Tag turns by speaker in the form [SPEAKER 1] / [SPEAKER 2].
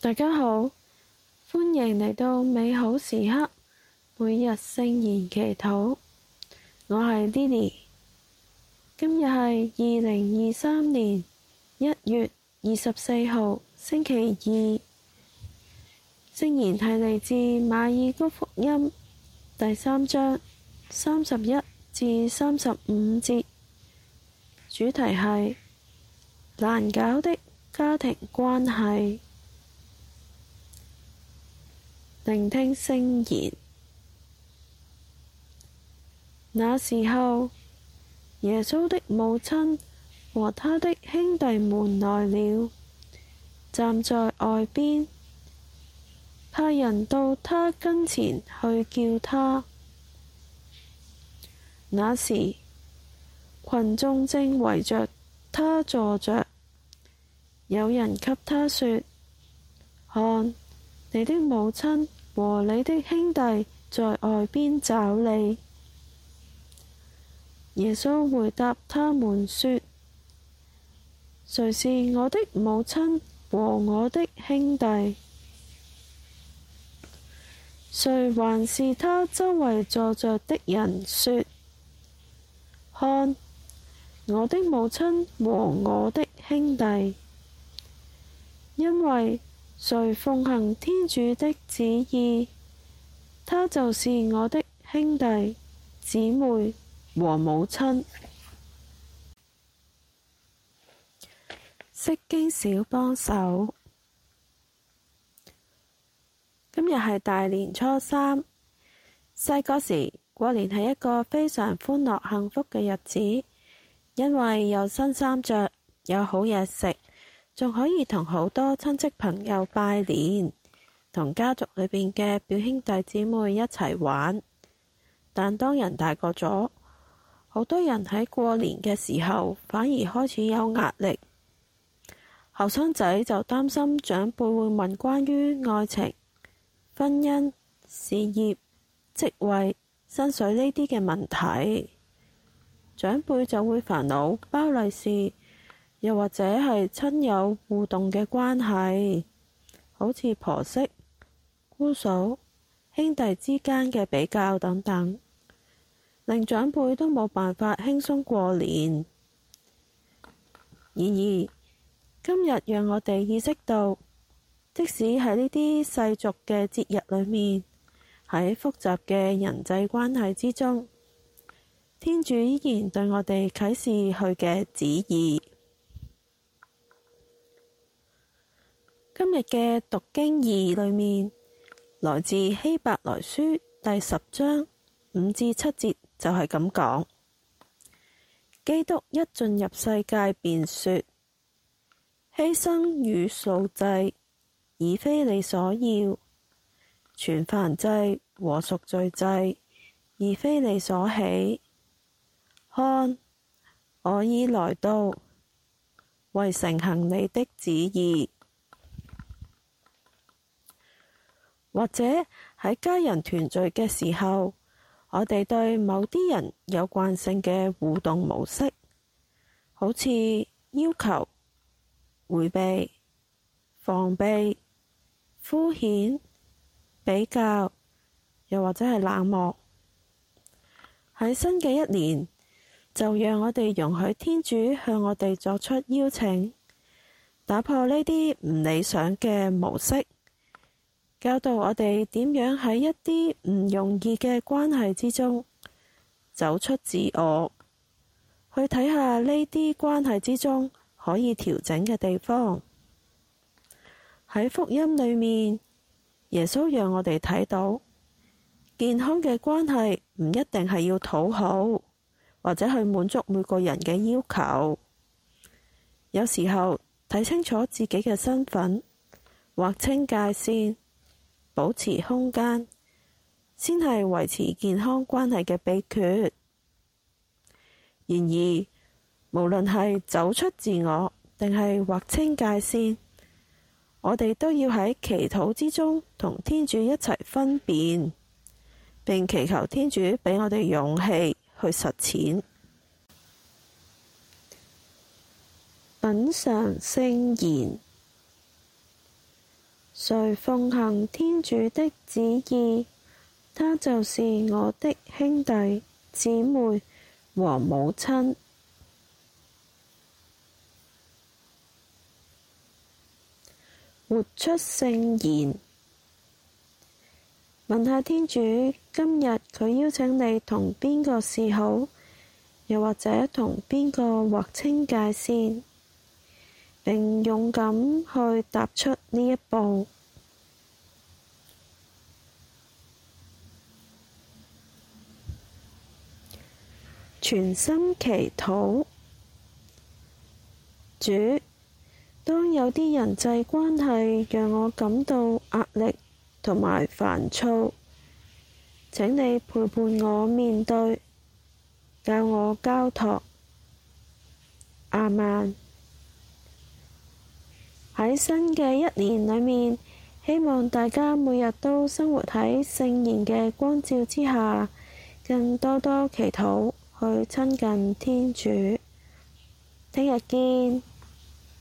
[SPEAKER 1] 大家好，歡迎嚟到美好時刻每日聖言祈禱。我係 Lily。今日係二零二三年一月二十四號星期二。聖言係嚟自馬爾谷福音第三章三十一至三十五節，主題係難搞的家庭關係。聆聽聖言。那時候，耶穌的母親和他的兄弟們來了，站在外邊，派人到他跟前去叫他。那時，群眾正圍着他坐着，有人給他說：「看，你的母親。和你的兄弟在外邊找你。耶穌回答他們說：誰是我的母親和我的兄弟？遂環視他周圍坐着的人說：看，我的母親和我的兄弟，因為。誰奉行天主的旨意，他就是我的兄弟、姊妹和母親。釋經小幫手。今日係大年初三。細個時過年係一個非常歡樂幸福嘅日子，因為有新衫着，有好嘢食。仲可以同好多親戚朋友拜年，同家族裏邊嘅表兄弟姊妹一齊玩。但當人大個咗，好多人喺過年嘅時候反而開始有壓力。後生仔就擔心長輩會問關於愛情、婚姻、事業、職位、薪水呢啲嘅問題，長輩就會煩惱包利是。又或者係親友互動嘅關係，好似婆媳、姑嫂、兄弟之間嘅比較等等，令長輩都冇辦法輕鬆過年。然而，今日讓我哋意識到，即使喺呢啲世俗嘅節日裏面，喺複雜嘅人際關係之中，天主依然對我哋啟示佢嘅旨意。嘅讀經二裏面，來自希伯來書第十章五至七節就係咁講：基督一進入世界，便說：犧牲與素祭，已非你所要；全燔祭，和贖罪祭，已非你所喜。看，我已來到，為承行你的旨意。或者喺家人團聚嘅時候，我哋對某啲人有慣性嘅互動模式，好似要求、回避、防備、敷衍、比較，又或者係冷漠。喺新嘅一年，就讓我哋容許天主向我哋作出邀請，打破呢啲唔理想嘅模式。教導我哋點樣喺一啲唔容易嘅關係之中走出自我，去睇下呢啲關係之中可以調整嘅地方。喺福音裏面，耶穌讓我哋睇到健康嘅關係唔一定係要討好，或者去滿足每個人嘅要求。有時候睇清楚自己嘅身份，劃清界線。保持空間，先係維持健康關係嘅秘訣。然而，無論係走出自我，定係劃清界線，我哋都要喺祈禱之中同天主一齊分辨，並祈求天主俾我哋勇氣去實踐。品嚐聖言。誰奉行天主的旨意，他就是我的兄弟、姊妹和母親。活出聖言。問下天主，今日佢邀請你同邊個示好，又或者同邊個劃清界線？並勇敢去踏出呢一步，全心祈禱。主，當有啲人際關係讓我感到壓力同埋煩躁，請你陪伴我面對，教我交託阿曼。喺新嘅一年裏面，希望大家每日都生活喺聖言嘅光照之下，更多多祈禱去親近天主。聽日見。